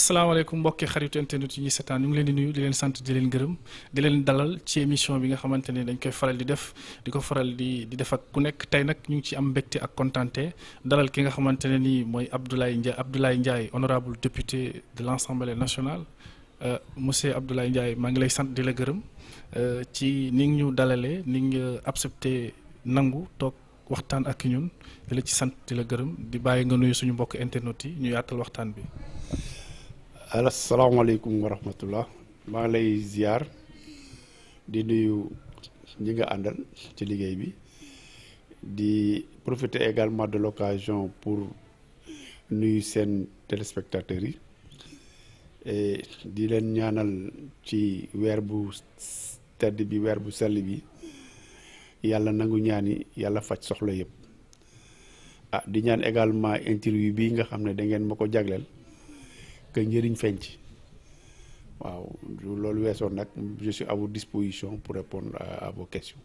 asalaamaaleykum mbokki xaritu internet yi ñuy seetaan ñu ngi leen di nuyu di leen sant di leen gërëm di leen dalal ci émission bi nga xamante ne dañ koy faral di def di ko faral di di def ak ku nekk tey nag ñu ngi ci am mbégte ak kontante dalal ki nga xamante ne nii mooy Abdoulaye Ndiaye Abdoulaye Ndiaye honorable député de l'Assemblée nationale euh, monsieur Abdoulaye njaay maa ngi lay sant di la gërëm euh, ci ni ñu dalale ni nga accepté nangu toog waxtaan ak ñun di la ci sant di la gërëm di bàyyi nga nuyu suñu mbokk internet yi ñu yaatal waxtaan bi. asalaamaaleykum wa rahmatullah maa ngi lay ziar di nuyu ñi nga àndal ci liggéey bi di profité également de l'occasion pour nuyu seen téléspectateurs yi di leen ñaanal ci weer bu tedd bi weer bu sell bi yàlla nangu ñaani yàlla faj soxla yëpp ah di ñaan également interview bi nga xam ne da ngeen ma ko jagleel que njëriñ feeñ ci waaw loolu weesoon nag je suis à votre disposition pour répondre à, à vos questions.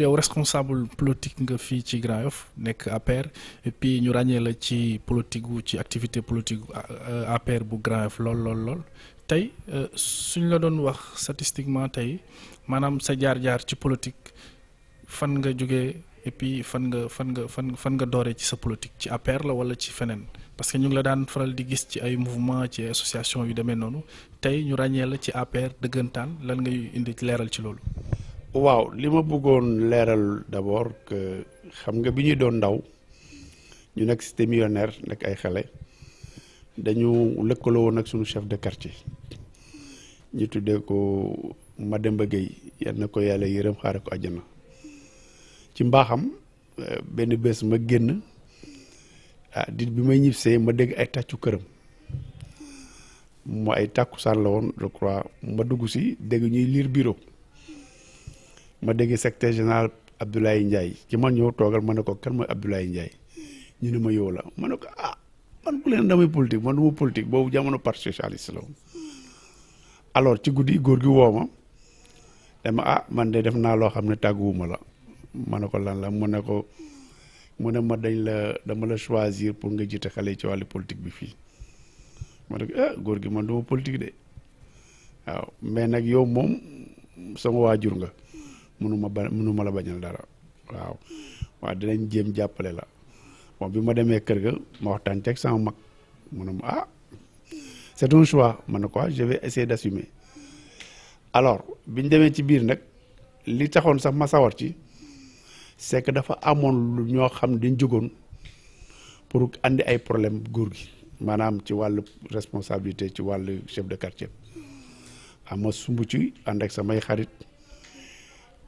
yow responsable politique nga fii ci Grand nekk APR et puis ñu ràññee la ci politique ci activité politique euh, APR bu Grand Yoff lool lool lool tey euh, suñ la doon wax statistiquement tey maanaam sa jaar-jaar ci politique fan nga jóge et puis fan nga fan nga fan fan nga dooree ci sa politique ci APR la wala ci feneen parce que ñu ngi la daan faral di gis ci ay mouvement ci association yu deme noonu tey ñu ràññee la ci APR dëggantaan lan ngay indi leeral ci loolu. waaw li ma bëggoon leeral d'abord que xam nga bi ñuy doon ndaw ñu nekk cité millionnaire ay xale dañu lëkkaloo woon ak suñu chef de quartier ñu tuddee ko ma dem Gueye yal na ko yàlla yërëm xaare ko àjjana. ci mbaaxam euh, benn bés ma génn ah dit bi may ñibsee ma dégg ay tàccu këram mu ay tàkkusaan la woon je crois ma dugg si dégg ñuy liir bureau ma dégg secrétaire général Abdoulaye Ndiaye ci man ñëw toogal ma ne ko kan mooy Abdoulaye Ndiaye ñu ne ma yow la ma ne ko ah man bu leen damay politique man du ma boobu jamono parti socialiste la woon alors ci guddi góor gi woo ma dama ah man de def naa loo xam ne tàgguwuma la ma ne ko lan la mu ne ko mu ne ma dañ la dama la choisir pour nga jiite xale yi ci wàllu politique bi fii ma ne ko ah góor gi man duma politique de mais nag yow moom sama waajur nga mënuma ba mënuma la bañal dara waaw waaw dinañ jéem jàppale la bon bi ma demee kër ga ma waxtaan teg sama mag mu ne ma ah c'est un choix ma ne ko ah je vais essayer alors biñ demee ci biir nag li taxoon sax ma sawar ci c'est que dafa amoon lu ñoo xam dañ jógoon pour andi ay problème góor gi maanaam ci wàllu responsabilité ci wàllu chef de quartier ah, ma sumb ci ànd ak samay xarit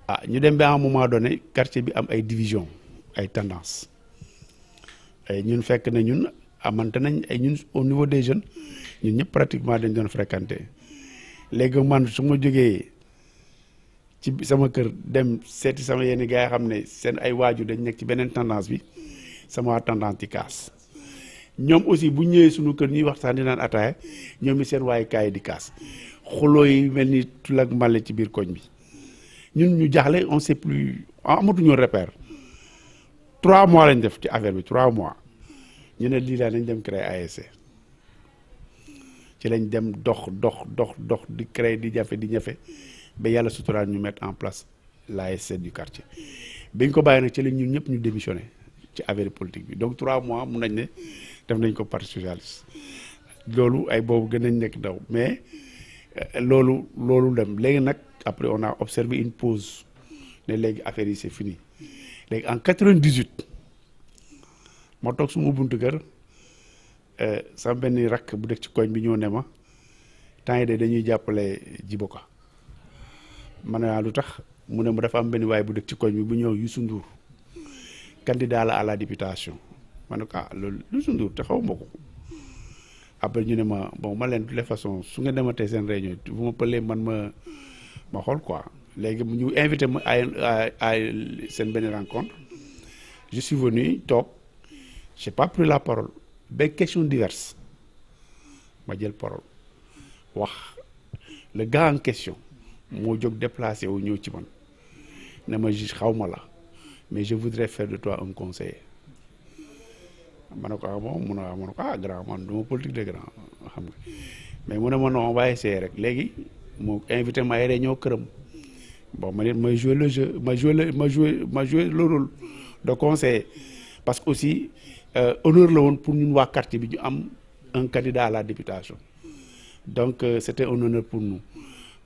ah ñu dem ba à un moment donné quartier bi am ay division ay tendance ay ñun fekk na ñun amante nañ ay ñun au niveau des jeunes ñun ñëpp pratiquement dañ doon fréquenter léegi man su ma jógee ci sama kër dem seeti sama yenn gars yi xam ne seen ay waajur dañ nekk ci beneen tendance bi sama waa tendance di kaas ñoom aussi bu ñëwee suñu kër ñuy waxtaan di naan ataaya ñoom i seen waaye kaay di kaas xuloo yi mel ni tulak mbale ci biir koñ bi ñun ñu jaxle on sait plus amatuñu repère trois mois lañ def ci affaire bi trois mois ñu ne lii daal nañ dem créer ASC ci lañ dem dox dox dox dox di créer di jafe di ñafe ba yàlla suturaal ñu mettre en place l'ASC du quartier bi ñu ko bàyyi nag ci la ñu ñëpp ñu démissionné ci affaire politique bi donc trois mois mun nañ ne def nañ ko parti socialiste loolu ay boobu gën nañ nekk ndaw mais euh, loolu loolu dem léegi nag après on a observé une pause ne léegi affaire yi c'est fini léegi en 98 ma toog suma buntu kër euh, sama benn rakk bu dëkk ci koñ bi ñoo ne ma temps yi dañuy jàppale jibo Djiboka ma ah, lu tax mu ne mu dafa am benn waaye bu dëkk ci koñ bi bu ñëw Youssou Ndour candidat la à la députation ma ne ko ah loolu Youssou Ndour te xaw ma après ñu ne ma bon ma leen de toute façon su nga dematee seen région bu ma pëlee man ma ma xool quoi léegi ñu invité ma ay ay seen benn rencontre je suis venu toog j'ai pas pris la parole ba question diverse ma jël parole wax le gars en question moo jóg déplacé wu ñëw ci man ne ma juge xaw ma la mais je voudrais faire de toi un conseiller ma ne ko ah mun a ma ko ah grand man du ma politique de grand xam nga mais mu ne ma non on va essayer rek léegi mu invité ma ay réunion këram bon ma ne ma joué le jeu ma joué ma joué le rôle de conseiller parce que aussi euh, honneur la woon pour ñun waa quartier bi ñu am un candidat à la députation donc euh, c'était un honneur pour nous.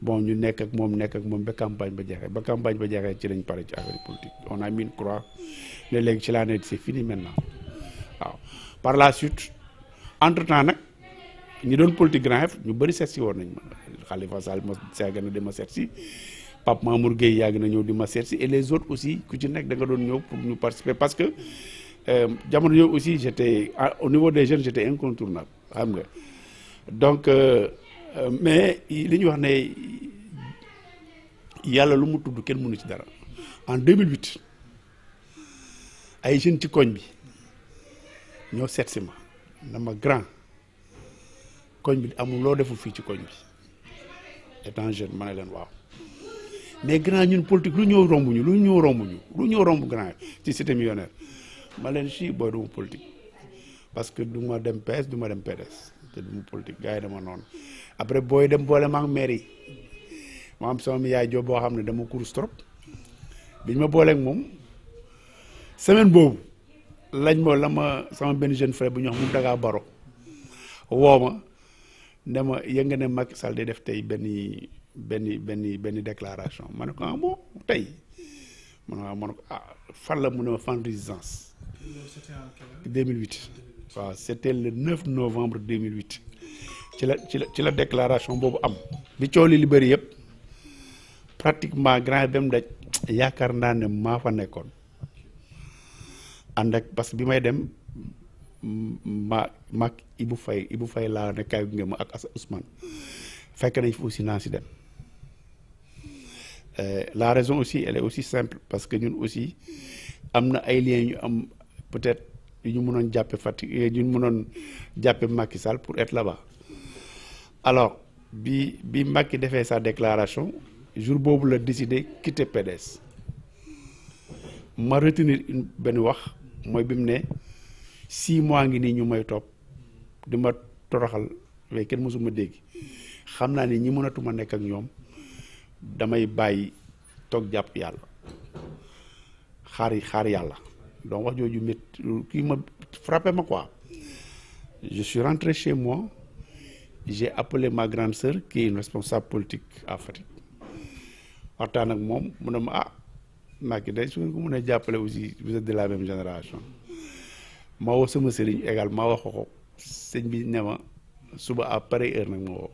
bon ñu nekk ak moom nekk ak moom ba campagne ba jeexee ba campagne ba jeexee ci lañ pare ci affaire politique on a mis une croix ne léegi ci laa ne c'est fini maintenant waaw par la suite entre temps nag ñu doon politique grand chef ñu bëri seet si woon nañ ma Khalifa Sall ma yàgg na di ma seet si Pape Mamour Gueye yàgg na ñëw di ma seet si et les autres aussi ku ci nekk da nga doon ñëw pour ñu participer parce que euh, jamono yooyu aussi j'étais ah, au niveau des jeunes j'étais incontournable nga euh, Euh, mais li ñuy wax ne yàlla lu mu tudd kenn mënu ci dara en 2008 ay jeunes ci koñ bi ñoo seet si ma na ma grand koñ bi amul loo deful fii ci koñ bi étant jeune ma ne leen waaw mais grand ñun politique lu ñëw romb ñu lu ñëw romb ñu lu ñëw romb grand ci cité millionnaire ma leen si booy duma politique parce que du ma dem PS du ma dem PDS te du ma politique gars yi dama noonu après booy dem boole ma ak mairie ma am sama yaay joo boo xam ne dama course trop biñ ma booleek moom semaine boobu lañ ma la ma sama benn jeune frère bu ñu wax mu dagaa baro woo ma ne ma yënga ne Macky Sall def tey benn benn benn benn déclaration ma ne ko ah bon tey ma ne waaw ah, ma ne ko ah fan la mu ne ma fan résidence 2008 waaw c'était le 9 novembre 2008 ci la ci la ci la déclaration boobu am bi coow li li bëri yëpp pratiquement grand dem daj yaakaar naa ne maa fa nekkoon ànd ak parce que bi may dem ma maag Ibou Faye Ibou Faye laa ne kaay gunge ma ak Assa Ousmane fekk nañ fi aussi naa si dem euh, la raison aussi elle aussi simple parce que ñun aussi am na ay liens ñu am peut-être yu ñu mënoon jàppe Fatick yu ñu mënoon jàppe Macky Sall pour être là-bas alors bi bi Macky defee sa déclaration jour boobu la décidé quitter PDS ma retenir benn wax mooy bi mu ne six mois ngi nii ñu may topp di ma toroxal mais kenn mësuma dégg xam naa ni ñi mënatuma nekk ak ñoom damay bàyyi toog jàpp yàlla xaar xaar yàlla donc wax jooju métti kii ma frappé ma quoi je suis rentré chez moi j'ai appelé ma grande sœur qui est une responsable politique à Fatick waxtaan ak moom mun ne ma ah Macky day su ngeen ko mën a jàppale aussi vous génération ma sama sëriñ également wax ko sëñ bi ne suba à pareille heure nag ma woo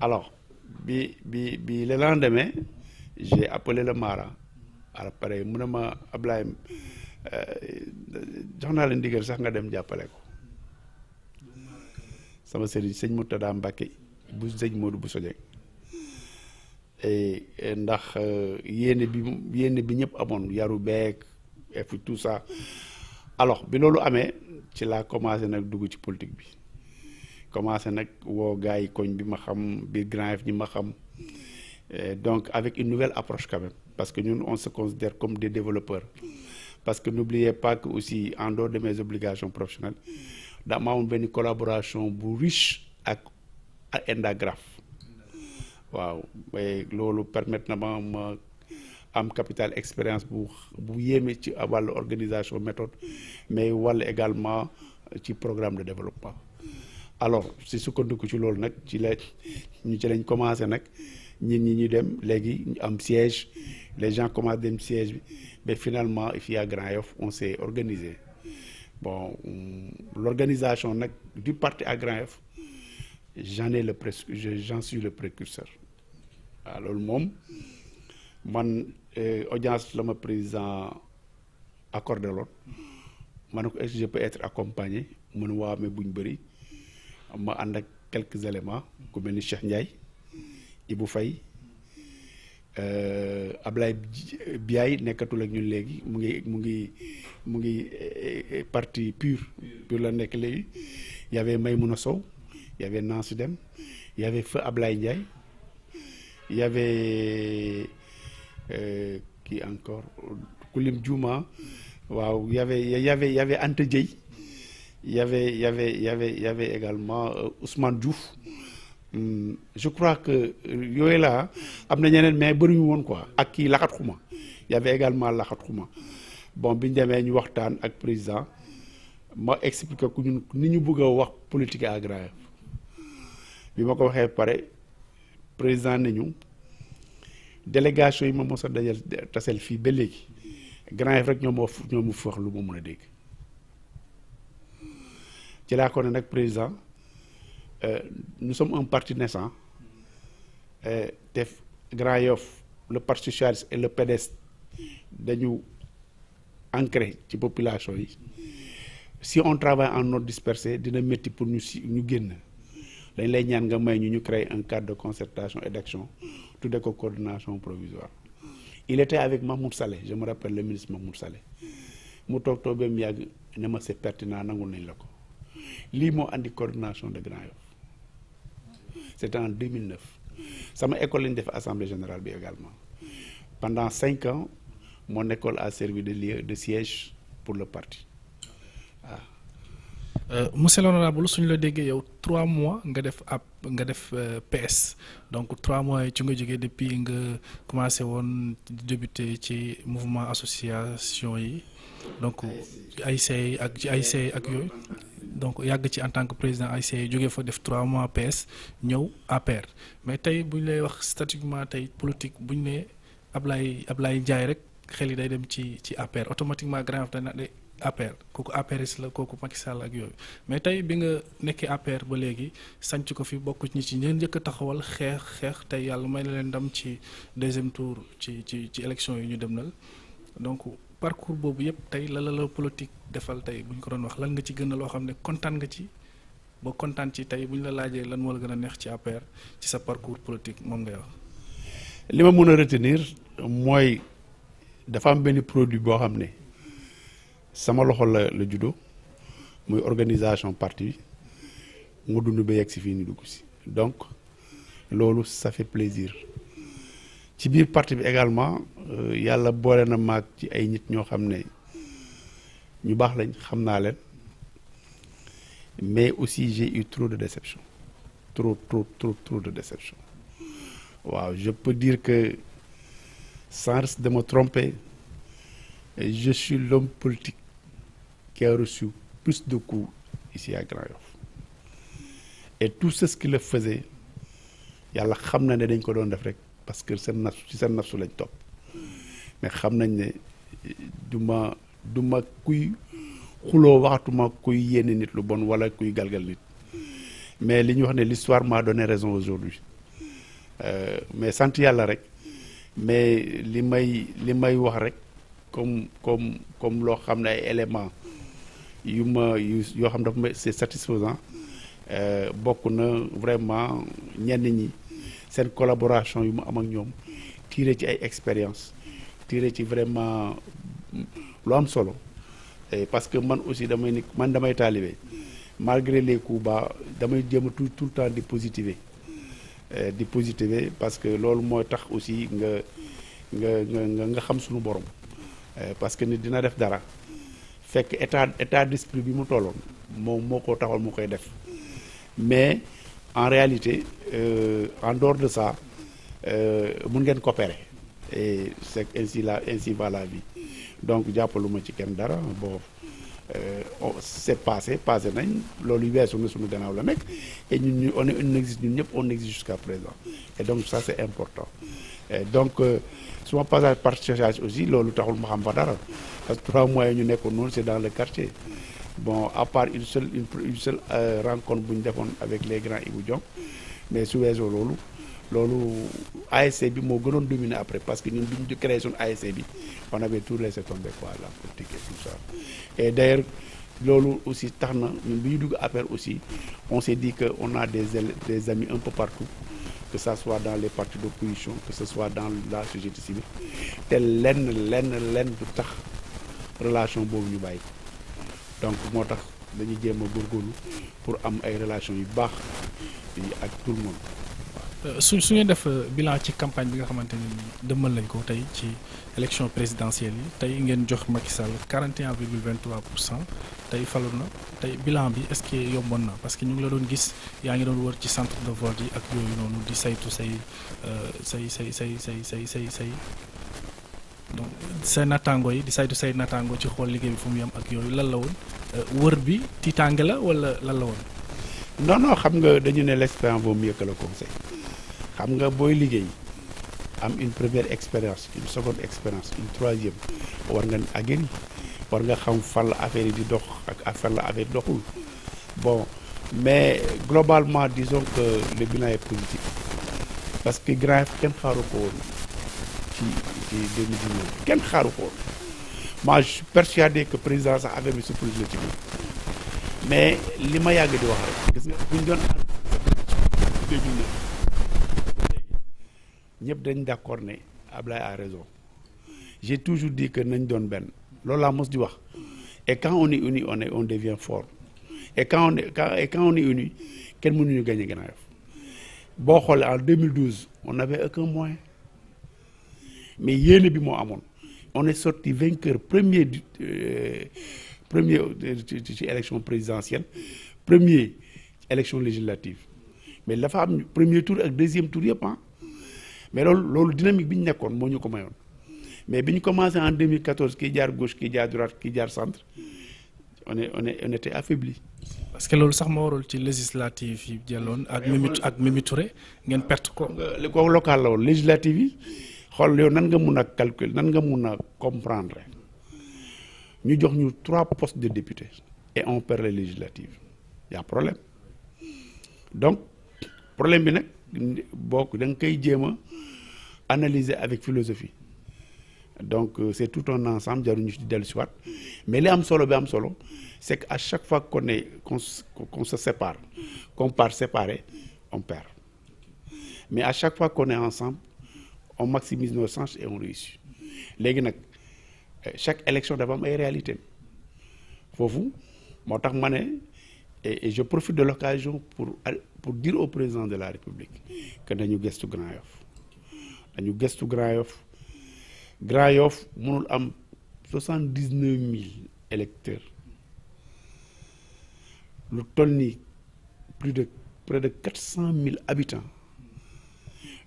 alors bi bi bi le lendemain j'ai appelé le Mara à pareille mu ne ma Ablaye euh, jox naa leen ndigal sax nga dem jàppale ko. sama sëriñ sëñ Murtada Mbàkke bu sëñ Modou bu sojee ndax euh, yéene bi yéene bi ñëpp amoon yaru beek et puis tout ça alors bi loolu amee ci laa commencé nag dugg ci politique bi commencé nag woo gars koñ bi ma xam biir Grand Yoff ñi ma xam donc avec une nouvelle approche quand même parce que ñun on se considère comme des développeur parce que n'oubliez pas que aussi en dehors de mes obligations professionnelles dama amoon benn collaboration bu riche ak Endagraph waaw loolu permettre na ma ma am capital expérience bu bu yéeme ci wàllu organisation méthode mais wàll également ci programme de développement alors si sukkandiku ci loolu nag ci la ñu ci lañ commencé nag ñit ñi ñu dem léegi am siège les gens commencent dem siège bi mais finalement fii à Grand Yoff on s'est organisé bon l'organisation nag du parti à Grand Yoff j'en ai le pres j'en suis le précurseur waaw loolu moom man eh, audience la ma président accordé loon ma ne ko est-ce que je peux être accompagné mu ne buñ bëri ma ànd ak quelques éléments ku mel ni Cheikh Ndiaye Ibou Faye euh, Ablaye Biaye nekkatul ak ñun léegi mu ngi mu ngi mu ngi eh, eh, parti pur pur la nekk léegi y avait Maymouna Sow y avait Nancy Deme y avait Feu Ablaye Ndiaye y avait euh, encore Koulim Diouma waaw y avait y avait y avait Anta Dieye y avait y également euh, Ousmane Diouf hmm, je crois que euh, yooyu laa am na ñeneen mais bëriñu woon quoi ak kii laxat xuma y également laxat xuma bon bi ñu demee ñu waxtaan ak président ma expliquer ku ñun ni ñu bëgg a wax politique agraire bi ma ko waxee pare président nañu délégation yi ma mos dajal tasel fii ba léegi grand rek ñoo ma ñoo ma wax lu mu mën a dégg ci laa ko nag président euh, nous sommes un parti naissant euh, te Grand Yoff le parti socialiste et le PDS dañu. ancré ci population yi si on travaille en ordre dispersé dina métti pour ñu si ñu génn dañ lay ñaan nga may ñu ñu créer en cadre de concertation et d'action de ko coordination provisoire il était avec Mahmoud Saleh je me rappelle le ministre Mahmoud sale mu toog toog ba mu yàgg ne ma c'est pertinent nangul nañ la ko lii moo andi coordination de Grand Yoff c'était en 2009 sama école lañ def assemblée général bi également pendant cinq ans mon école a servi de lieu de siège pour le parti waaw. Ah. Euh, monsieur l'honorable suñu la déggee yow trois mois nga def ab nga def euh, PS donc trois mois ci nga jógee depuis nga commencé woon débuté ci mouvement association yi donc ASC ak ci ASC ak yooyu donc yàgg ci en tant que président ASC jógee fa def trois mois PS ñëw APR mais tey buñ lay wax statiquement tey politique bu ñu nee Ablaye Ablaye Ndiaye rek. xel yi day dem ci ci APR automatiquement Grand Yoff dana de APR kooku APRiste la kooku Macky Sall ak yooyu mais tey bi nga nekkee APR ba léegi sanc ko fi bokk ñi ci ñeen njëkk a taxawal xeex xeex tey yàlla may na leen ndam ci deuxième tour ci ci ci élection yi ñu dem nal donc parcours boobu yëpp tey la la la politique defal tey bu ñu ko doon wax lan nga ci gën a loo xam ne kontaan nga ci ba kontaan ci tey bu ñu la laajee lan moo la gën a neex ci APR ci sa parcours politique moom ngay wax. dafa am benn produit boo xam ne sama loxo la la judo muy organisation parti mu dund ba yegg si fii ni dugg si donc loolu ça fait plaisir ci biir partie bi également euh, yàlla boole na maag ci ay nit ñoo xam ne ñu baax lañ xam naa leen mais aussi j'ai eu trop de déception trop trop trop trop de déception waaw je peux dire que sans risque de me tromper, je suis l'homme politique qui plus de coups ici à Grand Yoff et tout ce qui le faisait yàlla xam na ne dañ ko doon def rek parce que seen nafsu ci seen nafsu lañ topp mais xam nañ ne du ma du ma kuy xuloo waxatuma kuy yéene nit lu bon wala kuy galgal nit mais li ñuy wax ne l'histoire m'a donné raison aujourd'hui euh, mais sant yàlla rek mais li may li may wax rek comme comme comme loo xam ne ay éléments yu ma yu yoo xam dafa ma c'est satisfaisant euh, bokk na vraiment ñenn ñi seen collaboration yu mu am ak ñoom tiré ci ay expérience tiré ci vraiment lu am solo parce que man aussi damay ni man damay taalibe malgré les coups bas damay jéem a tout tout le temps di positiver Euh, di positiver parce que loolu mooy tax aussi nga nga nga nga xam suñu borom euh, parce que nit dina def dara fekk état état d'esprit bi mu tolloon moom moo ko taxal moo koy def mais en réalité euh, en dehors de ça euh, mun ngeen coopérer et c'est ainsi la ainsi va donc jàppaluma ci kenn dara boobu oh c'est passé passé nañ loolu weesu na suñu gannaaw la nekk et ñun ñu on existe ñun ñëpp on existe jusqu'à présent et donc ça c'est important et donc euh, suma passage par séchage aussi loolu taxul ma xam fa dara parce que trois mois ñu nekkoon noonu c'est dans le quartier bon à part une seule une, une seule euh, rencontre bu ñu defoon avec les grands Ibou Diom mais su weesoo loolu loolu ASC bi moo gënoon dominer après parce que ñun bi ñu créé suñu ASC bi on avait tout laissé tomber quoi la politique et tout ça et loolu aussi tax na ñun bi ñu dugg APR aussi on s'est dit que on a des des amis un peu partout que ça soit dans les partis d'opposition que ce soit dans la société civile te lenn lenn lenn du tax relation boobu ñu bàyyi donc moo tax dañuy jéem a góorgóorlu pour am ay relation yu baax ak tout le monde. Euh, su su ñu def euh, bilan ci campagne bi nga xamante ni dëmmal lañ ko tey ci élection présidentielle yi tey ngeen jox Macky Sall 41,23 pour cent tey falu na tey bilan bi est-ce yomboon na parce que ñu ngi la doon gis yaa ngi doon wër ci centre de vote yi ak yooyu noonu di saytu say euh, say say say say say say say donc say nattaango yi di saytu say nattaango ci xool liggéey bi fu mu yem ak yooyu lan la woon euh, wër bi tiitaange la wala lan la woon. non non xam nga dañu ne l'expérience boobu mieux que le conseil xam nga booy liggéey am une première expérience une seconde expérience une troisième war nga agir. war nga xam fan la affaire yi di dox ak fan la affaire yi doxul bon mais globalement disons que le bilan est positif parce que Grand Yoff kenn xaaru ko woon ci ci 2019 kenn xaaru ko woon moi je suis persuadé président sax affaire bi surprise la ci moom mais li ma yàgg di wax rek gis nga buñ doon ànd 2009 ñëpp dañ d'accord ne Ablaye a raison j'ai toujours di que nañ doon benn loolu laa mos di wax et quand on est uni on est on devient fort et quand on est quand et quand on est uni kenn mënuñu gagné Grand Yoff boo xoolee en 2012 on n'avait aucun moyen mais yéene bi moo amoon on est sorti vainqueur premier du euh, premier euh, ci élection présidentielle premier élection législative mais dafa am premier tour ak deuxième tour yëpp ah mais loolu loolu dynamique bi ñu nekkoon moo ñu ko mayoon mais bi ñu commencé en 2014 kii jaar gauche kii jaar droite kii jaar centre on est on est on était parce que loolu sax ma warul ci législative yi jëloon ak. Mimi ak Mimi ngeen perte ko. li ko local la woon xool yow nan nga mun a calculer nan nga mun a comprendre ñu jox ñu trois postes de député et on perd les législatives a problème donc problème bi nag bokk da nga koy jéem a analyser avec philosophie. donc euh, c'est tout un ensemble jaruñu ci dellu siwaat mais li am solo bi am solo c'est que à chaque fois qu'on est qu'on qu'on se sépare qu'on part séparé on perd mais à chaque fois qu'on est ensemble on maximise nos chances et on réussit léegi nag euh, chaque élection dafa am ay réalité foofu moo tax ma ne et je profite de l'occasion pour pour dire au président de la République que ñu gëstu Grand Yoff nañu gëstu Grand Yoff Grand Yoff mënul am soixante dix neuf mille électeurs lu toll nii plus de près de quatre cent mille habitants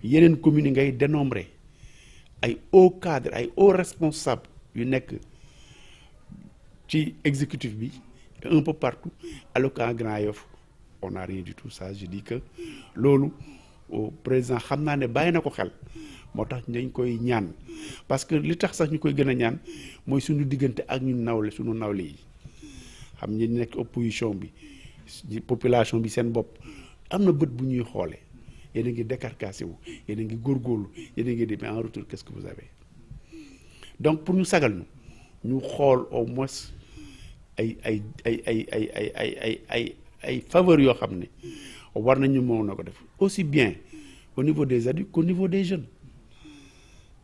yeneen communes yi ngay dénombré ay hauts cadres ay hauts responsables yu nekk ci exécutif bi un peu partout alors qu'en Grand Yoff on n'a rien du tout ça je dis que loolu président xam naa ne bàyyi na ko xel moo tax dañ koy ñaan parce que li tax sax ñu koy gën a ñaan mooy suñu diggante ak ñu nawle suñu nawle yi xam ñu nekk opposition bi population bi seen bopp am na bët bu ñuy xoole yéen a ngi décarcassé wu yéen a ngi góorgóorlu yéen a ngi demee en retour qu'est-ce que vous avez donc pour ñu sagal ñu ñu xool au moins ay ay ay ay ay ay ay ay ay ay faveur yoo xam ne war nañu moom na ko def aussi bien au niveau des adultes qu'au niveau des jeunes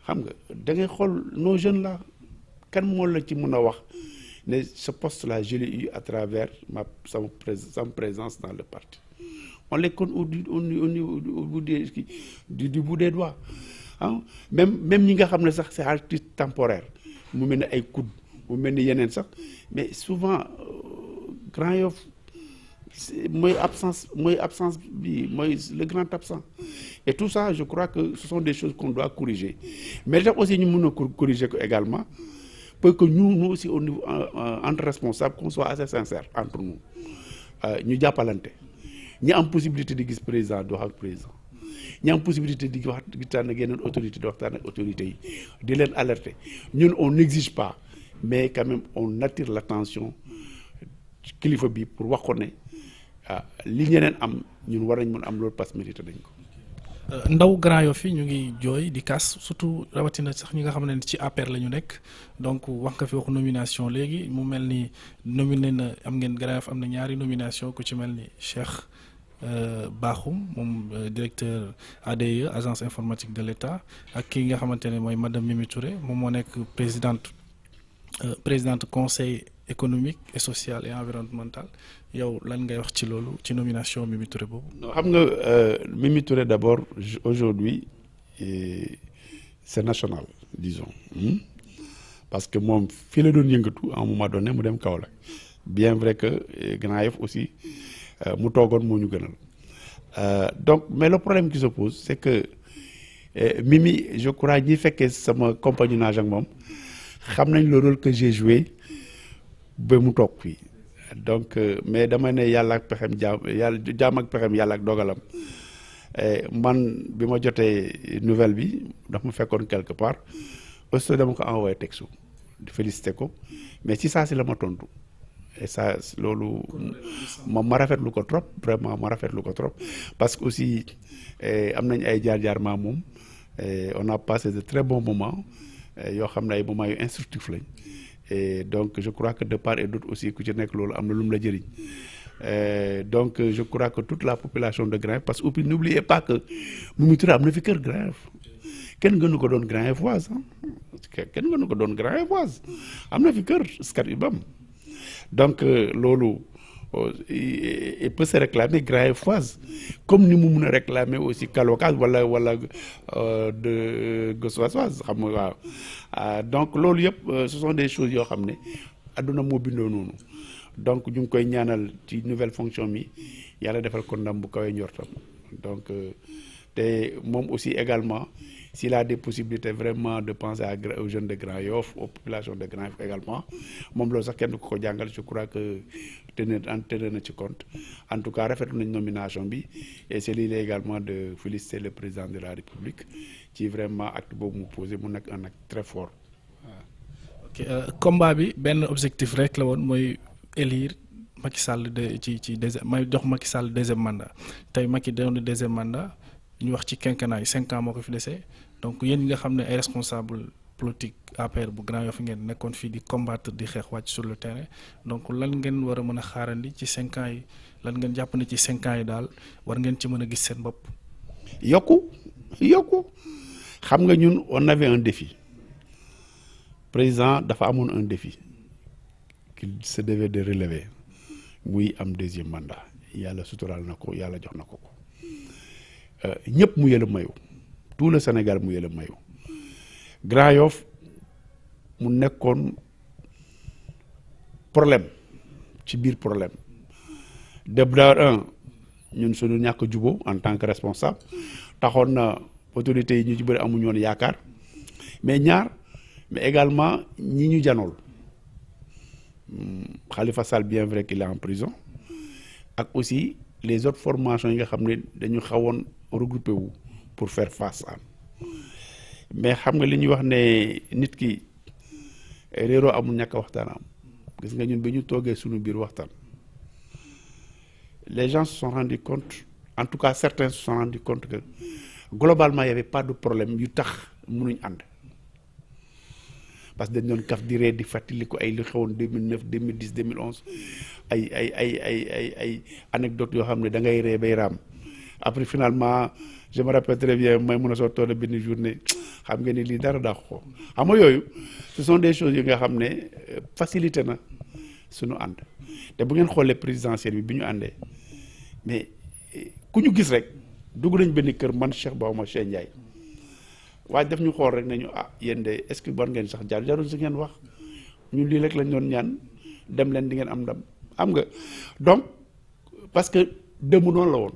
xam nga da ngay xool nos jeunes là kan moom la ci mun a wax ne ce post la je l'ai eu à travers ma sama présence dans le partie on les compte au bout des du bout des doigts ah même même ñi nga xam ne sax c'est artiste temporaire mu mel ni ay coude mu mel ni yeneen sax mais souvent euh, Grand yof mooy absence mooy absence bi mooy le grand absent et tout ça je crois que ce sont des choses qu'on doit corriger mais tam aussi ñu mën a corriger ko également pour que ñu nous aussi au niveau entre responsables qu'on soit assez sincère entre nous euh, ñu jàppalante ñi am possibilité di gis président di wax ak président ñi am possibilité di wax waxtaan ak yeneen autorité di waxtaan ak autorités di leen alerter ñun on n'exige pas mais quand même on attire l'attention kilifa bi pour wax ne ah li ñeneen am ñun war nañ mun am loolu parce que mérité dañ ko. Euh, ndaw Grand Yoff ñu ngi jooy di kaas surtout rawatina sax ñi nga xam ne ci APR la ñu nekk donc wax nga fi waxu nomination léegi mu mel ni nominé na am ngeen Grand Yoff am na ñaari nomination ku ci mel ni Cheikh euh, Bakhoum moom euh, directeur ADIE agence informatique de l'État ak ki nga xamante ne mooy madame Mimi Touré moom moo nekk présidente présidente conseil. économique et sociale et environnementale yow lan ngay wax ci loolu ci nomination Mimi Touré boobu. non xam nga euh, Mimi Touré d' abord aujourd'hui c' est national disons hmm? parce que moom fii la doon yëngatu à un moment mu dem Kaolack bien vrai que euh, Grand Yoff aussi euh, mu toogoon moo ñu gënal donc mais le problème qui se pose c' est que Mimi je crois ñi fekkee sama compagnonnage ak moom xam nañ le que j'ai joué. ba mu toog fii donc euh, mais dama ne yàlla ak pexem jaam yàlla jaam ak pexem yàlla ak dogalam man bi ma jotee nouvelle bi daf mu fekkoon quelque part aussitôt dama ko envoyé texte di félicité ko mais ci saa si la ma tontu et ça loolu ma ma rafetlu ko trop vraiment ma rafetlu ko trop parce que aussi am nañ ay jaar-jaar maa moom on a passé de très bon moment yoo xam ne ay moments yu instructif lañ et donc je crois que de part et d'autre aussi ku ci nekk loolu am na lu mu la jëriñ donc je crois que toute la population de Grand Yoff parce que n'oubliez pas que Mimi Touré am na fi kër Grand Yoff kenn gënu ko doon Grand Yoffoise kenn gënu ko doon Grand Yoffoise am na fi kër Scat Urbam donc euh, loolu il peut se réclamer Grand Foise comme ni mu mun a réclamer aussi Kalokaz wala wala euh, de Gueule xam nga waaw ah, donc loolu yëpp euh, ce des choses yoo xam ne adduna moo bindoo noonu donc ñu ngi koy ñaanal ci nouvelle fonction mi yàlla defal ko ndam bu kawee njortam donc euh, te moom aussi également s'il a des possibilités vraiment de penser à aux jeunes de Grand Yoff aux populations de Grand Yoff également moom loolu sax kenn ko ko jàngal je crois que te en tenir na ci compte en tout cas rafetlu nañ nomination bi et c'est l'idée également de féliciter le président de la République ci vraiment acte boobu mu posé mu nekk un acte très fort waaw. Euh, bi benn objectif rek la woon mooy élire Macky Sall de ci ci deuxième may jox Macky Sall deuxième mandat tey Macky doon na deuxième mandat ñu wax ci quinquennat yi cinq moo ko fi desee donc yéen yi nga xam ne ay responsable politique APR bu Grand Yoff ngeen nekkoon fii di combattre di xeex wàcc sur le terrain donc lan ngeen war a mën a xaarandi ci cinq yi lan ngeen jàpp ne ci cinq ans yi daal war ngeen ci mën a gis seen bopp. yokku yokku xam nga ñun on avait un président dafa amoon un défi qu'il se devait de relever muy am deuxième mandat yàlla suturaal na ko yàlla jox na ko ko euh, ñëpp mu yële mayu tout le Sénégal mu yële mayu Grand Yoff mu nekkoon problème ci biir problème deb daar un ñun suñu ñàkk juboo en tant que responsable taxoon na autorités yi ñu ci bëri amuñu yaakaar mais ñaar mais également ñi ñu janool hmm, Khalifa Sall bien vrai qu'il est en prison ak aussi les autres formations yi nga xam ne dañu xawoon regroupé wu pour fair face à mais xam nga li ñuy wax ne nit ki réeroo amul ñàkk waxtaan am gis nga ñun bi ñu toogee suñu biir waxtaan les gens se sont rendus compte en tout cas certains se sont rendus compte que globalement y avait pas de problème yu tax mënuñ ànd parce que dañ doon kaf di ree di ko ay li xewoon 2009 2010 2011 ay ay ay ay ay ay anecdote yoo xam ne da ngay ree bay raam après finalement je me rappelle très bien may mun a soo toole benn journée xam nga ni lii dara dàq ko xam nga yooyu ce sont des choses yi nga xam ne euh, facilité na suñu ànd te bu ngeen xoolee présidentielle bi bu ñu àndee mais euh, ku ñu gis rek dugg nañ benn kër man Cheikh Baoma Cheikh Ndiaye waaye def ñu xool rek nañu ah yéen de est-ce que ngeen sax jaar jarul si ngeen wax ñun lii rek lañ doon ñaan dem leen di ngeen am ndam am nga donc parce que démb noonu la woon.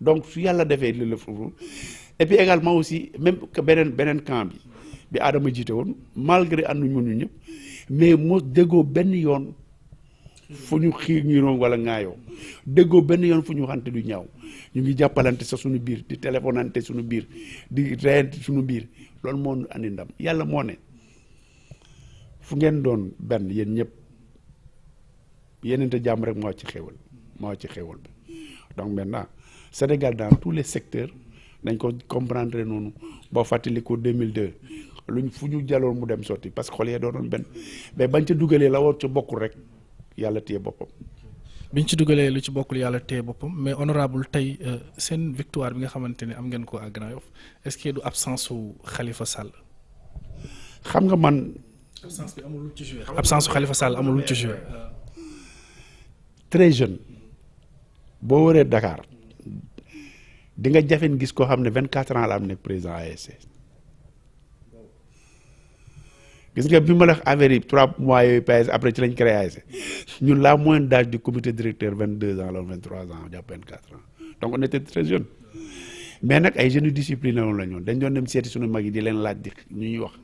donc su yàlla defee li la foofu et puis également aussi même que beneen beneen camp bi bi Adama jiite woon malgré ànduñu woon ñu ñëpp mais moo déggoo benn yoon fu ñu xiir ñiroom wala ŋaayoo déggoo benn yoon fu ñu waxante du ñaaw ñu ngi jàppalante sa suñu biir di téléphonante suñu biir di reyante suñu biir loolu moo andi ndam yàlla moo ne fu ngeen doon benn yéen ñëpp yenente jàmm rek moo ci xéwal moo ci xéwal bi donc maintenant Sénégal dans tous les secteurs dañ ko comprendre noonu boo fàttaliku lu luñ fu ñu jaloo mu dem sotti parce que xol yee doonoon benn mais bañ ci dugalee la woon ca bokkul rek yàlla téye boppam. biñ ci dugalee lu ci bokkul yàlla téye boppam mais honorable tey euh, seen victoire bi nga xamante ne am ngeen ko à Grand Yoff est-ce que du absence su Khalifa Sall. xam nga man. absence bi amul lu ci joué. absence su Khalifa Sall amul lu ci euh, joué. Euh, très jeune boo waree Dakar. di nga jafeen gis koo xam ne vingt quatre ans la am nekk président ASC gis nga bi ma la affaire yi trois mois yooyu PS après ci lañ créé ASC ñun la moins d'âge di comité directeur vingt deux ans la vingt trois ans jàpp vingt donc on était très mais nag ay jeunes discipliné woon la ñoon dañ doon dem seeti suñu mag yi di leen laaj di ñu ñuy wax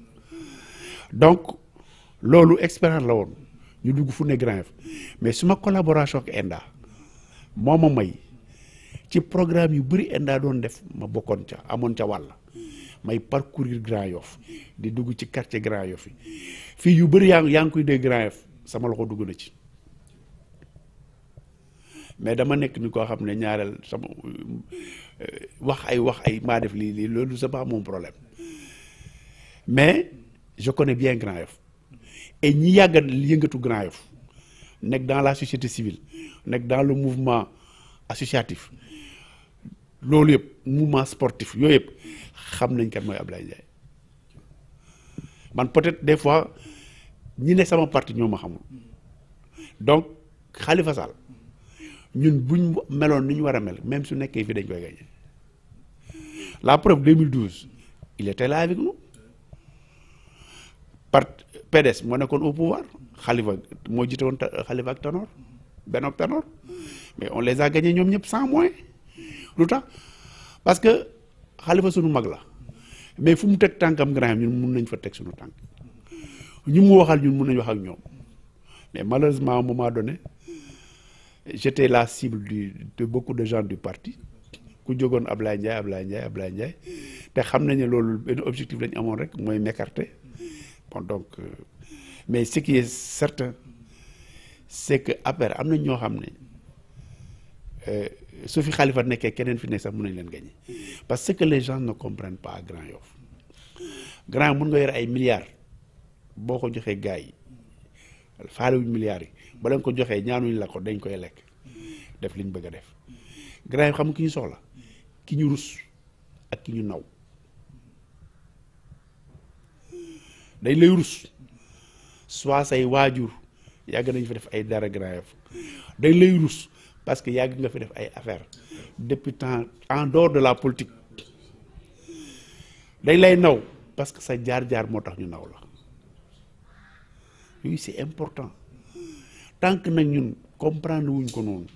donc loolu expérience la woon ñu dugg fu ne grand mais suma collaboration ak ENDA moo ma may ci programme yu bëri ENDA doon def ma bokkoon ca amoon ca wàll may parcourir Grand Yoff di dugg ci quartier Grand Yoff yi fii yu bëri yaa yaa ngi koy dégg Grand Yoff sama loxo dugg na ci mais dama nekk ni koo xam ne ñaareel sama euh, wax ay wax ay maa def lii lii loolu c'est pas problème mais je connais bien Grand Yoff et ñi yàgga yëngatu Grand Yoff nekk dans la société civile nekk dans le mouvement associatif loolu yëpp mouvement sportif yooyu yëpp xam nañ kan mooy Ablaye Ndiaye man peut-être des fois ñi ne sama parti ñoo ma xamul donc Khalifa Sall ñun buñ meloon ni ñu war a mel même su nekkee fii dañ koy gagné la preuve 2012 il était là avec nous par PDS moo nekkoon au pouvoir Khalifa moo jiite woon Khalifa ak Tanor Benno Tanor mais on les a ñoom ñëpp cent mois lu tax parce que xalifa suñu mag la mais fu mu teg tànkam grand ñun mun nañ fa teg suñu tànk ñu mu waxal ñun mun nañ wax ak ñoom mais malheureusement à un moment donné j'étais la cible du de beaucoup de gens du partie ku jógoon Ablaye Ndiaye Ablaye Ndiaye Ablaye Ndiaye te xam nañ loolu benn objectif lañ amoon rek mooy m'écarter bon donc euh, mais ce qui est certain c'est que après am nañ ñoo xam ne Euh, su fi xalifa nekkee keneen fi ne sax mun nañ leen gagné parce que les gens na comprennent pas Grand Yoff Grand mën nga yore ay milliards boo ko joxee gars yi faalewuñ milliards yi ba lañ ko joxee ñaanuñ la ko dañ koy lekk def liñ bëgg a def Grand Yoff xam ki ñu soxla ki ñu rus ak ki ñu naw dañ lay rus soit say waajur yàgg nañ fi def ay dara Grand Yoff dañ lay rus parce que yàgg nga fi def ay affaires depuis temps en dehors de la politique dañ lay naw parce que sa jaar-jaar moo tax ñu naw la oui c'est important tant que nag ñun comprendre wuñ ko noonu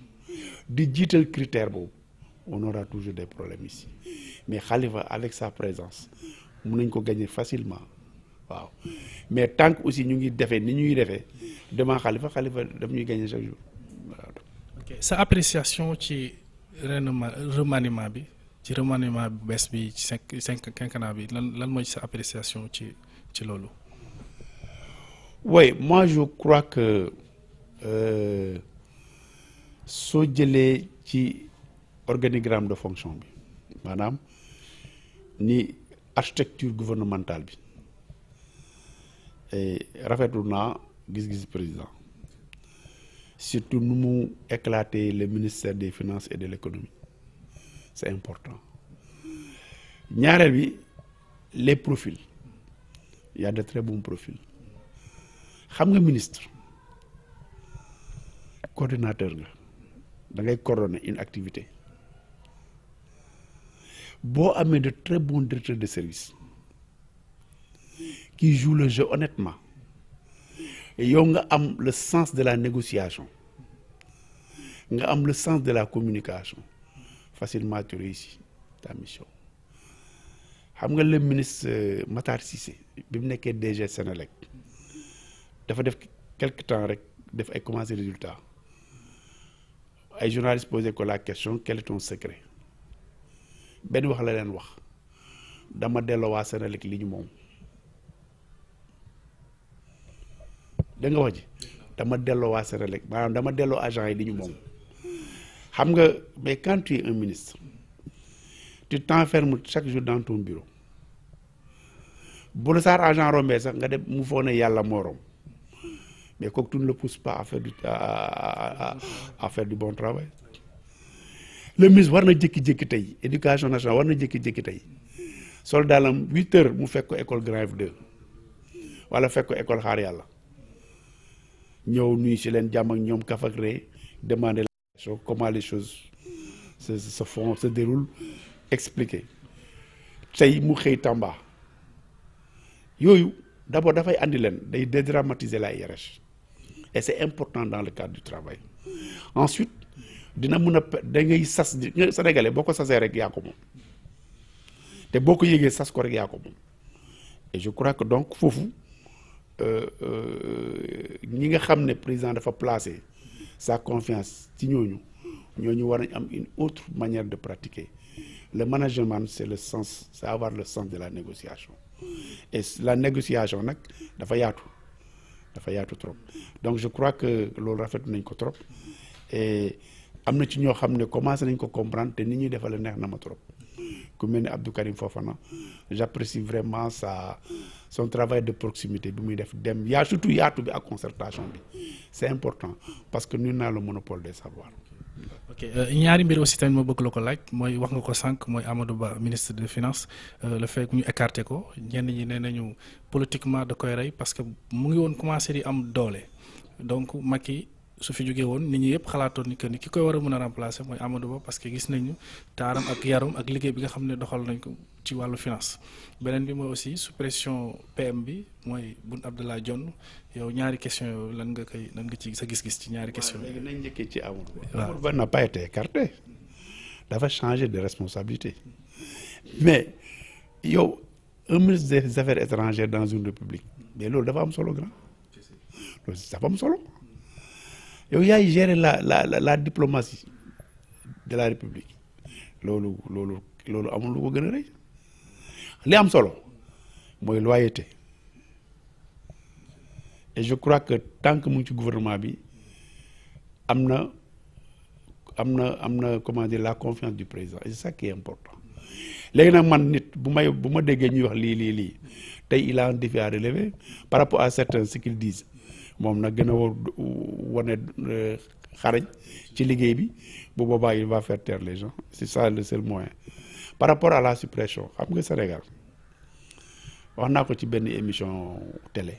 di jiital critère boobu on aura toujours des problèmes ici mais Khalifa avec sa présence mun nañ ko gagner facilement waaw mais tank aussi ñu ngi defee ni ñuy defee devant xalifa Khalifa daf ñuy gagner chaque jour waaw ok sa appréciation ci remaniement remaniment bi ci remaniment bu bees bi ci cinq cinq quinquennat bi lan lan mooy sa appréciation ci ci loolu. oui moi je crois que euh, soo jëlee ci organigramme de fonction bi maanaam ni architecture gouvernementale bi rafetu naa gis-gis président. surtout nu mu éclater le ministère des finance et de l'économie c'est important ñaareel bi les profils il y de très bons profils xam nga ministre coordinateur nga da ngay coordonner une activité boo amee de très bons directeurs de service qui jouent le jeu honnêtement yow nga am le sens de la négociation nga am le sens de la communication facilement tu réussis ta xam nga le ministre euh, Matar Cissé bi mu nekkee DG Sénélec dafa def quelque temps rek def ay commencé résultat ay journalistes posé ko la question quel est ton secret benn wax la leen wax dama delloo waa Sénélec li ñu moom da nga wax ji dama delloo waa Senelec maanaam dama delloo agent yi li ñu moom xam nga mais quand tu es un ministre tu t'enfermes chaque jour dans ton bureau bu la saar agent rombee sax nga dem mu foog ne yàlla moo romb mais kooku tu ne le pousses pas affaire faire du à, à, à, à faire bon travail le ministre war na jékki-jékki tey éducation nationale war na jékki-jékki tey sol daalam huit heures mu fekk ko école grève deux wala fekk ko école xaar yàlla ñëw nuyu si leen jàmm ak ñoom kaf ak ree demander la question comment expliquer tey mu Tamba yooyu d'abord dafay andi leen day dédramatiser la IRH et c'est important dans le cadre du travail ensuite dina mun a da ngay sas sénégalais boo ko sasee rek yaa ko moom te boo ko yëgee sas ko rek yaa ko moom et que donc foofu. Euh, euh, ñi nga xam ne président dafa placer sa confiance ci ñooñu ñooñu war a am une autre manière de pratiquer le management c'est le sens c'est avoir le sens de la négociation et la négociation nag dafa yaatu dafa yaatu trop donc je crois que loolu rafetu nañ ko trop e am na ci ñoo xam ne commencer nañ ko comprendre te nit ñuy defal neex na ma trop ku mel ni Abdou Karim Fofana j'apprécie vraiment sa son travail de proximité bi muy def dem yaa surtout yaatu bi ak concertation bi c'est important parce que ñun naa le monopole des savoirs. ok euh, ñaari mbir aussi tamit ma bëgg la ko laaj mooy wax nga ko sànq mooy Amadou Ba ministre de finances euh, le fait que ñu écarté ko ñenn ñi nee nañu politiquement da koy rey parce que mu ngi woon commencé di am doole donc Macky su fi jógee woon nit ñi yëpp xalaatoon ni que ni ki koy war a mën a remplacer mooy Amadou Ba parce que gis nañu taaram ak yaram ak liggéey bi nga xam ne doxal nañ ko ci wàllu finance beneen bi mooy aussi suppression PM bi mooy Boun Abdallah Dionne yow ñaari question yow lan nga koy lan nga ci sa gis-gis ci ñaari question léegi nañ njëkkee ci Amadou Ba Ba n'a pas été dafa changer de responsabilité mais yow un ministre des affaires étrangères dans une république mais loolu dafa am solo grand loolu dafa am solo yow yaay gérer la la la diplomatie de la république loolu loolu loolu amul lu ko gën a li am solo mooy loyauté et je crois que tant que mu ngi ci gouvernement bi am na am na am na comment dire la confiance du président et c'est qui est important léegi nag man nit bu may bu ma déggee ñuy wax lii lii lii tey il a un défi à relever par rapport à certains ce qu'ils disent moom nag gën a wane euh, xarañ ci liggéey bi bu boobaa il va faire taire les gens c'est ça le seul moyen par rapport à la suppression xam nga Sénégal wax naa ko ci benn émission télé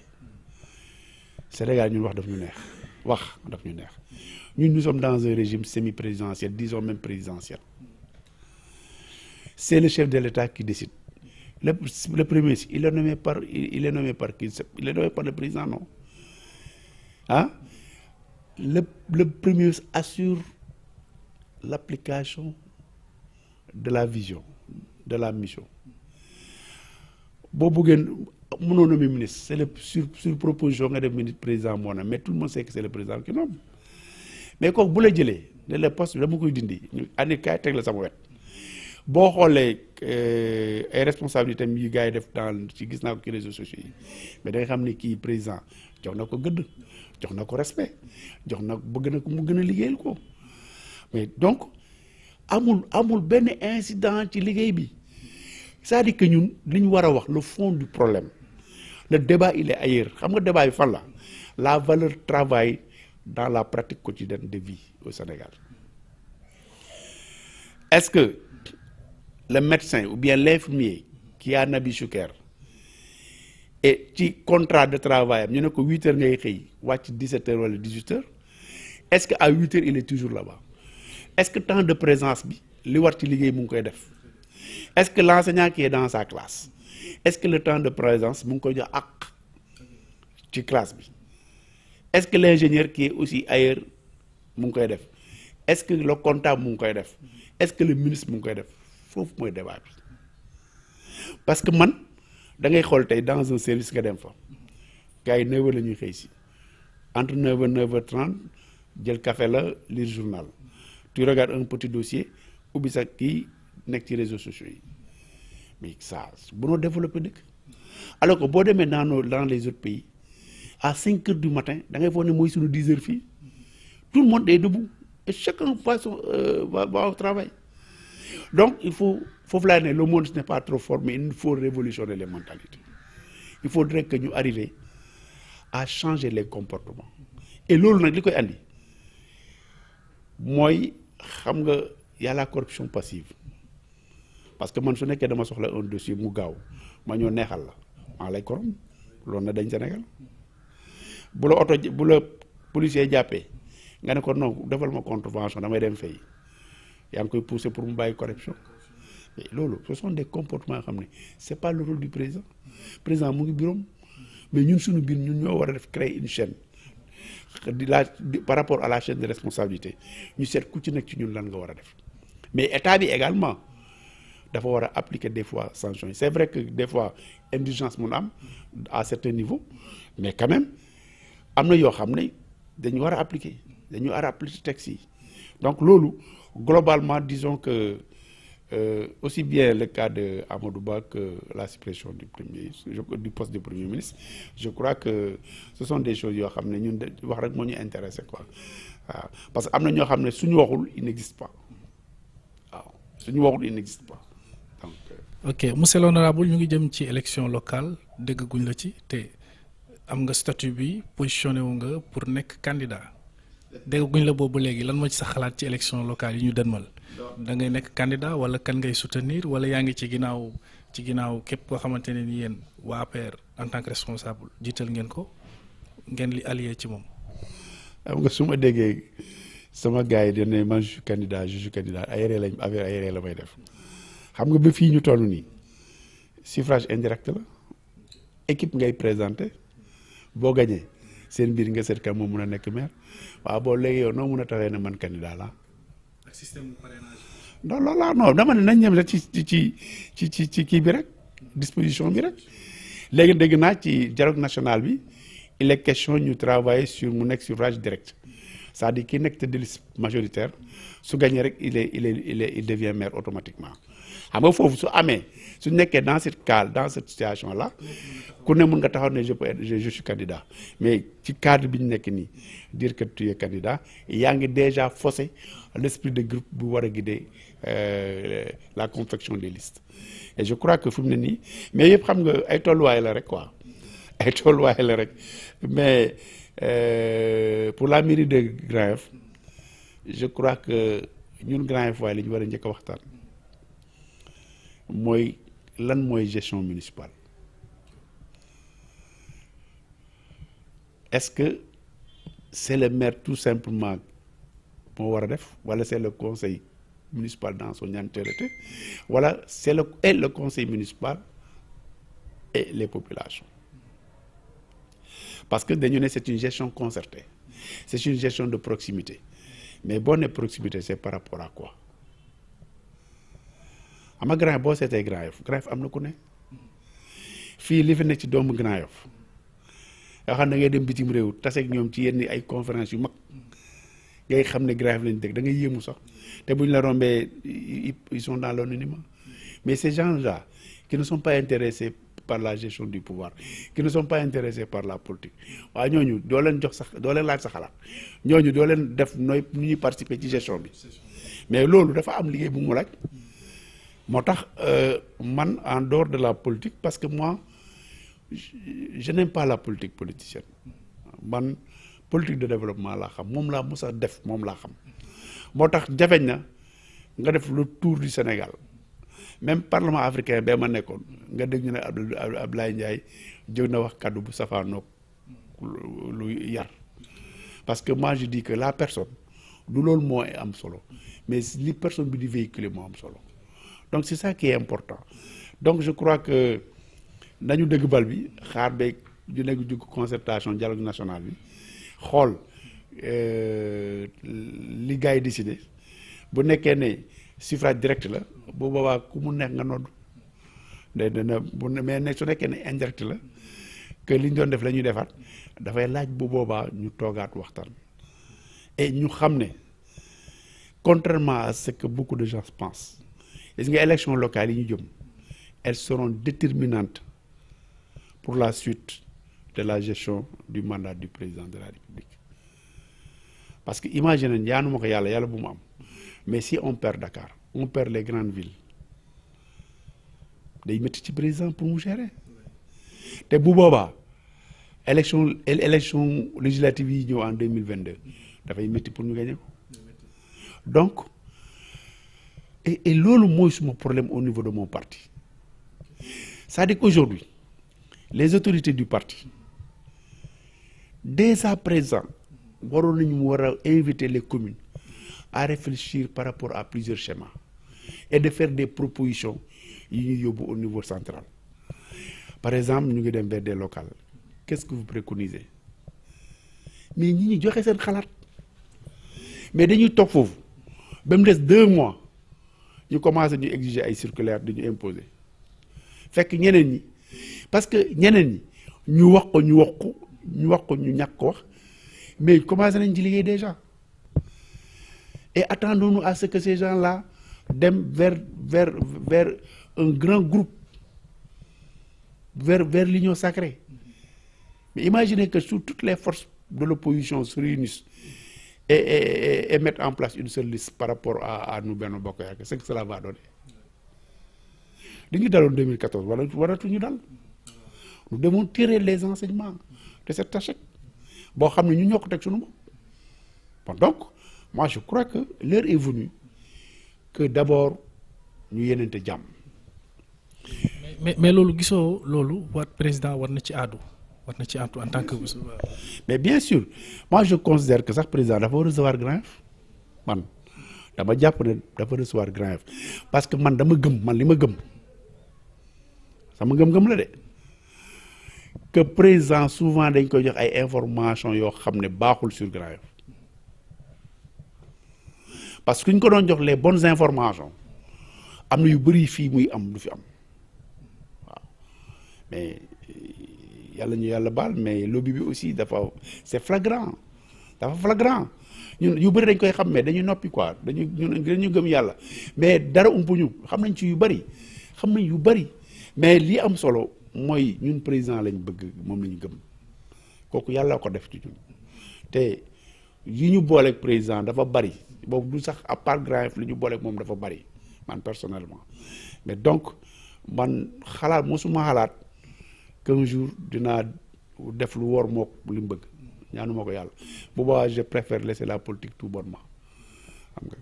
Sénégal ñun wax daf ñu neex wax daf ñu neex ñun nous dans un régime semi-présidentiel disons même présidentiel c'est le chef de l'État qui décide le le premier ministre il est nommé par il est nommé par qui il est nommé par le président non ah le le premier ministre assure l'application de la vision de la mission boo bëggee mënoo nommer ministre c'est le sur sur proposition nga def ministre président moo na mais tout le monde sait que c'est le président qui nomme mais kooku bu la jëlee ne la poste bi dama koy dindi ñu andi kaay teg la sama wet boo xoolee euh, ay responsabilités yi gaa yi def dans ci gis naa ko ci réseaux sociaux yi mais da xam ni kii président jox na ko gëdd jox na ko respect jox na bëgg na ko mu gën a liggéeyal ko mais donc amul amul benn incident ci liggéey bi cest di dire que ñun li ñu war a wax le fond du problème le débat il est ailleurs xam nga débat bi fan la la valeur travail dans la pratique quotidienne de vie au Sénégal est-ce que le médecin ou bien l'infirmier qui a Nabi Choucair ci contrat de travail am ñu ne ko huit heures ngay xëy wàcc dix sept heures wala dix est ce que à huit heures il est toujours la bas est ce que temps de présence bi li war ci liggéey mu ngi koy def est ce que l' enseignant qui est dans sa classe ce que le temps de présence mu ngi koy jox ak ci bi est ce que l' ingénieur qui aussi ailleurs mu ngi koy def est ce que le comptable mu ngi koy def est ce que le ministre mu ngi koy def foofu mooy débat bi parce que man. da ngay xool tey dans un service nga dem fa gars yi 9h la ñuy xëy si entre 9h h jël kafe la lire journal tu regardes un petit dossier ubbi sax kii nekk ci réseaux sociaux yi mais ça bunoo développé dëkk alors que boo demee dans nos dans les autres pays à cinq heures du matin da ngay foog ne mooy suñu 10 heures fii tout le monde est debout et chacun va son euh, va va donc il faut foofu laa ne le monde ne pas trop fort mais il faut révolutionner les mentalités il faut faudrait que ñu arriver à changer les comportements et loolu nag li koy andi mooy xam nga y a la corruption passive parce que man su nekkee dama soxla un dossier mu gaaw ma ñoo neexal la maa lay korom loolu na dañ Sénégal bu la oto bu la policier jàppee nga ne ko non defal ma contravention damay dem fay yaa ngi koy pousser pour mu bàyyi corruption mais loolu ce son des comportements yoo xam ne c' est pas le rôle du président président mu ngi biroom mais ñun suñu biir ñun ñoo war a def créer une chaîne di la par rapport à la chaîne de responsabilité ñu seet ku ci nekk ci ñun lan nga war a def mais état bi également dafa war a appliquer des fois sanctions yi c' est vrai que des fois indulgence mun am à certains niveaux mais quand même am na yoo xam ne dañu war a appliquer dañu war a appliquer globalement, disons que euh, aussi bien le cas de Amadouba que la suppression du, premier, du poste de Premier ministre, je crois que ce sont des choses qui nous intéressent. Quoi. parce que nous si nous avons il n'existe pas. Si nous avons il n'existe pas. Donc, euh... ok, monsieur l'honorable, nous avons une élection locale, nous avons une statut, positionné pour nekk candidat. dégguñ la boobu léegi lan moo ci sa xalaat ci élection locale yi ñu dënmal da ngay nekk candidat wala kan ngay soutenir wala yaa ngi ci ginnaaw ci ginnaaw képp koo xamante ne ni yéen waa APR en tant que responsable jiital ngeen ko ngeen li allié ci moom. xam nga suma ma déggee sama gars yi dañ ne man je suis candidat je ay réer lañ affaire ay réer la may def xam nga ba fii ñu toll nii suffrage indirect la équipe ngay présenté boo gagné. seen biir nga seet kan moo mun a nekk maire waaw boo léegi yow noo mun a taxee ne man candidat la ak système parrainage. non loolu laa non dama nañ ñem rek ci ci ci ci ci kii bi rek disposition bi rek léegi dégg naa ci dialogue national bi il est question ñu travailler sur mu nekk suffrage direct cest di dire kii nekk tête de majoritaire su gañee rek il est il est il devient maire automatiquement xam nga foofu su amee. su nekkee dans cette cadre dans cette situation là ku ne mun nga taxaw ne je peux être je candidat mais ci cadre bi ñu nekk nii dire que tu es candidat yaa ngi déjà faussé l'esprit de groupe bu war a guider euh, la confection des listes et je crois que fu mu ne nii mais yëpp xam nga ay tolluwaay la rek quoi ay tolluwaay la rek mais euh, pour la mairie de Grand je crois que ñun Grand Yoff waaye li ñu war a njëkk waxtaan mooy lan mooy gestion municipale est-ce que c'est le maire tout simplement moo war a def wala c'est le conseil municipal dans son entièreté wala c'est le et le conseil municipal et les populations parce que dañu ne c'est une gestion concertée c'est une gestion de proximité mais bonne proximité c'est par rapport à quoi ama Grand Yoff boo seetee Grand Yoff Grand Yoff am na ku ne fii li fi nekk ci doomu Grand Yoff yoo xam ne ngay dem bitim réew taseeg ñoom ci yenn ay conférence yu mag ngay xam ne Grand Yoff lañ dëkk da ngay yéemu sax te bu ñu la rombee ils sont dans l'anonymat mais ces gens-là qui ne sont pas intéressés par la gestion du pouvoir qui ne sont pas intéressés par la politique waaye ñooñu doo leen jox sax doo leen laaj sax xalaat ñooñu doo leen def nooy nu ñuy participer ci gestion bi mais loolu dafa am liggéey bu mu moo tax euh, man en dehors de la politique parce que moi je n'aime pas la politique politicienne man politique de développement laa xam moom laa mos a def moom laa xam moo tax jafeñ na nga def lu tour du Sénégal même parlement africain bee ma nekkoon nga dégg ñu ne Abdoulaye Ndiaye jóg na wax kàddu bu safaanoog lu yar parce que moi je dis que la personne du loolu moo am solo mais li personne bi di véhiculer moo am solo donc c'est ça qui est important donc je crois que nañu dëgg bal bi xaar beeg ñu nekk jug concertation dialogue national bi xool euh, li gars yi décidé bu nekkee ne suffrage direct la bu boobaa ku mu neex nga nodd day bu mais ne su nekkee ne indirect la que li ñu doon def la ñuy defaat dafay laaj bu boobaa ñu toogaat waxtaan et ñu xam ne contrairement à ce que beaucoup de gens pensent gis nga élections locales yi ñu jëm elles seront déterminantes pour la suite de la gestion du mandat du président de la République parce que imaginez ñaanu ma ko yàlla yàlla bu mu am mais si on perd Dakar on per les grande villes day métti ci président pour mu chere te bu boobaa élection élection législative yi ñëw en deux mille vingt deux dafay métti pour ñu gagné ko donc. et loolu mooy suma problème au niveau de mon parti c'est-à-dire qu'aujourd'hui les autorités du parti dès à présent waroon nañu mu war a inviter les communes à réfléchir par rapport à plusieurs schémas et de faire des propositions yi ñuy yóbbu au niveau central par exemple ñu ngi dem vers des locales qu'est-ce que vous préconisez mais ñi ñu joxe seen xalaat mais dañuy toog foofu ba mu des deux mois ñu commencé ñu exiger ay circulaire di ñu imposer fekk ñeneen ñi parce que ñeneen ñi ñu wax ko ñu wax ko ñu wax ko ñu ñàkk ko wax mais commencé nañ ci liggéey déjà et attendons-nous à ce que ces gens-là dem vers vers vers un grand groupe vers vers l'union sacrée mais imaginez que sous toutes les forces de l'opposition se réunissent et, et, et, et, mettre en place une seule par rapport à, à nous Benno Bokk Yaakaar c'est que cela va donner li ñu daloon 2014 ñu waratuñu dal nous devons tirer les enseignements de cette échec boo xam ne ñu ñoo ko teg sunu bopp donc moi je crois que l'heure est venue que d'abord ñu yenente jàmm mais mais loolu gisoo loolu war président war na ci àddu war na ci en tant que. mais bien sur moi je considère que sax président dafa recevoir grave man dama jàpp ne dafa recevoir grave parce que man dama gëm man li ma gëm sama gëm-gëm la de que président souvent dañ koy jox ay information yoo xam ne baaxul sur grave parce que ñu ko doon jox les bonnes informations am na yu bëri fii muy am du fi am mais. yàlla ñu yàlla baal mais lobby bi aussi dafa c'est flagrant dafa flagrant ñun yu bëri dañ koy xam mais dañuy noppi quoi dañuy dañu gëm yàlla mais dara ñu xam nañ ci yu bëri xam nañ yu bëri mais li am solo mooy ñun président lañ bëgg moom la ñu gëm kooku yàlla ko def ci ñun te yi ñu booleeg président dafa bëri boobu du sax à part grave li ñu booleeg moom dafa bëri man personnellement mais donc man xalaat mosuma xalaat qu'un jour dinaa def lu wor moo li mu bëgg ñaanu ma ko yàlla bu boobaa je préfère laisser la politique tout bonnement xam nga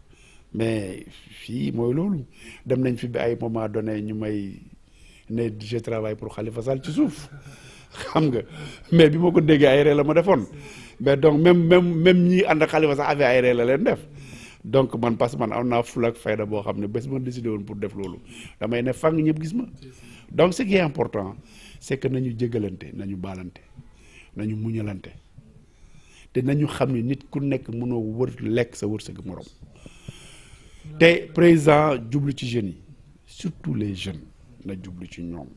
mais fii mooy loolu dem nañ fi bi ay moment donné ñu may ne je travaille pour xalifa Sall ci suuf xam nga mais bi ma ko déggee ay ree la ma defoon mais donc même même même ñi ànd ak Khalifa sax affaire ay ree la leen def donc man parce que man am naa fula ak fayda boo xam ne bés ma décidé woon pour def loolu damay ne fang ñëpp gis ma donc ce qui est important c'est que nañu jëggalante nañu baalante nañu muñalante te nañu xam ni nit ku nekk mënoo wër lekk sa wërsëg morom te président jublu ci jeunes yi surtout les jeunes na jublu ci ñoom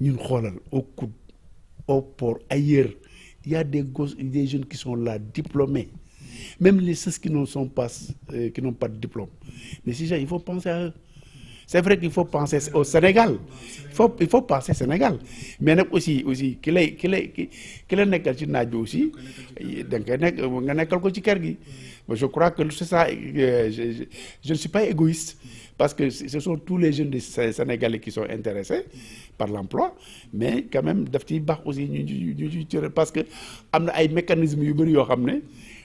ñun xoolal au coude au port ailleurs il des gosses des jeunes qui sont là diplômés même les ceux qui ne sont pas euh, qui n'ont pas de mais ces gens il faut penser à c'est vrai qu'il faut penser au Sénégal faut il faut penser Sénégal mais nag aussi aussi ki lay ki lay nekkal ci naaj aussi da nga koy nekk nga nekkal ko ci ker gi je crois que c'est ça euh, je je ne suis pas égoïste parce que ce sont tous les jeunes sénégalais qui sont intéressés par l'emploi mais quand même daf ciy baax aussi ñu ñu ñu parce que am na ay mécanismes yu bëri yoo xam ne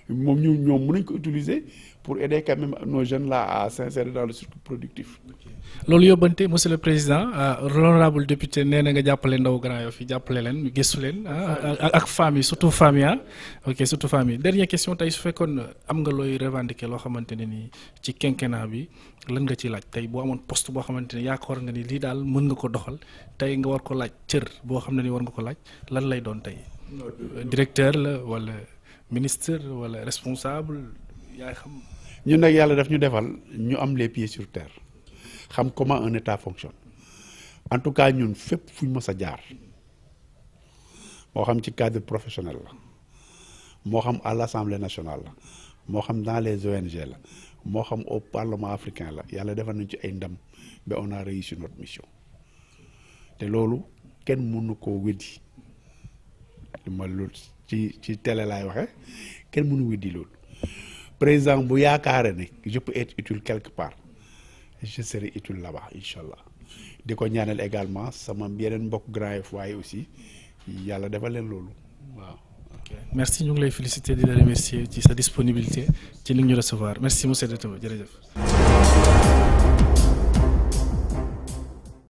moom ñu ñoom mën utiliser pour aider quand même nos jeunes là à s'insérer dans le circuit productif. loolu yóbbante monsieur le président euh, l'honorable député nee na nga jàppale ndaw Grand Yoff jàppale leen gëstu leen ah, ak famille surtout famille ah ok surtout famille dernière question tey su fekkoon am nga looy revendiquer loo xamante ne nii ci quinquennat bi lan nga ci laaj tey boo amoon poste boo xamante ne yaakaar nga ni lii daal mën nga ko doxal tey nga war ko laaj cër boo xam ne ni war nga ko laaj lan lay doon tey euh, directeur la wala. ministre wala responsable yaay xam. ñun nag yàlla def ñu defal ñu am les pieds sur terre xam comment un état fonctionne en tout cas ñun fépp fu ñu mës a jaar moo xam ci cadre professionnel la moo xam à l'Assemblée nationale la moo xam dans les ONG la moo xam au Parlement africain la yàlla defal nañ ci ay ndam ba on a réussi notre mission te loolu kenn mënu koo weddi li ma ci ci télé laay waxe kenn mënu weddi loolu président bu yaakaare ne je peux être utile quelque part je serai utile là-bas incha allah di ko ñaanal également sama yeneen mbokk Grand Yoff waaye aussi yàlla dafa leen loolu waaw. merci ñu ngi lay féliciter di la remercier ci sa disponibilité ci li ñu recevoir merci monsieur Datour jërëjëf.